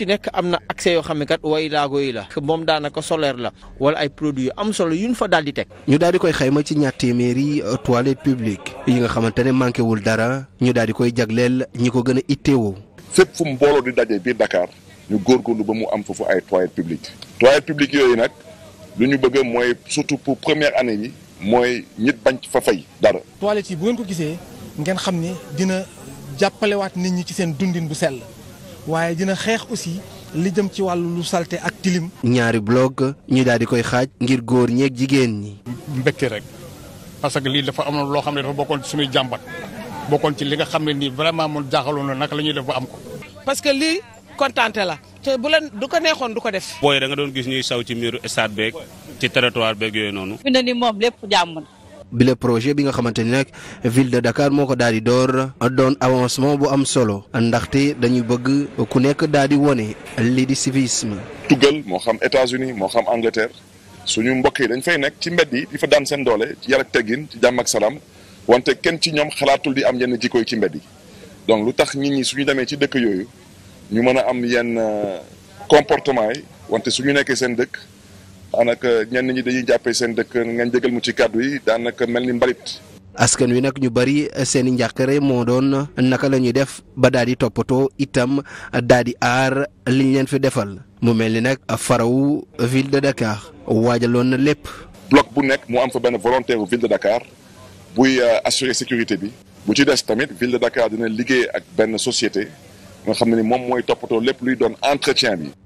ci nekk am na accès yoo xam ne kat way laago yi la moom daanaka solaire la wala ay produit yu am solo yu ñu fa daal di teg. ñu daal di koy xayma ci ñaar téeméeri euh, toilette publique yi nga xamante ne manqué wul dara ñu daal di koy jagleel ñi ko gën a itteewoo. fépp fu mu mbooloo di daje biir Dakar ñu góorgóorlu ba mu am foofu ay toilettes publiques toilettes publiques yooyu nag lu ñu bëgg mooy surtout pour première année yi mooy ñit bañ fa fay dara. toilettes yi bu ngeen ko gisee ngeen xam ni dina jàppalewaat nit ñi ci seen dundin bu sell. waaye dina xeex aussi li jëm ci wàll lu salte ak tilim. ñaari bloc ñu daal di koy xaaj ngir góor ñeeg jigéen ñi. mbégte rek parce que lii dafa amoon loo xam ne dafa bokkoon ci suñuy jàmbat bokkoon ci li nga xam ne nii vraiment moom jaaxaloon na naka la ñuy def ba am ko. parce que lii kontaan la te bu la du ko neexoon du ko def. booy da nga doon gis ñuy saw ci miiru stade beeg ci territoire beeg yooyu noonu. fi mu ne nii moom lépp jàmm na bile projet bi nga xamante ni nag ville de Dakar moo ko daal di door doon avancement bu am solo ndaxte dañuy bëgg ku nekk daal di wone lii di civisme. Tugal moo xam États-Unis moo xam Angleterre suñu mbokk yi dañ fay nekk ci mbedd yi di fa daan seen doole ci yar ak teggin ci jàmm ak salaam wante kenn ci ñoom xalaatul di am yenn jikko yi ci mbedd yi donc lu tax nit ñi su ñu demee ci dëkk yooyu ñu mën a am yenn euh, comportement yi wante su ñu nekkee seen dëkk. daanaka ñenn ñi dañuy jàppee seen dëkk ngeen jégal mu ci kàddu yi daanaka mel ni mbalit. askan wi nag ñu bari seen i njàqare moo doon naka la ñuy def ba daal di toppatoo itam daal di aar liñ leen fi defal mu mel ni nag farawu ville de Dakar waajaloon na lépp. bloc bu nekk mu am fa benn volontaire bu ville de Dakar buy euh, assurer sécurité bi. bu ci des tamit ville de Dakar dina liggéey ak benn société nga xam ne ni moom mooy toppatoo lépp luy doon entretien bi.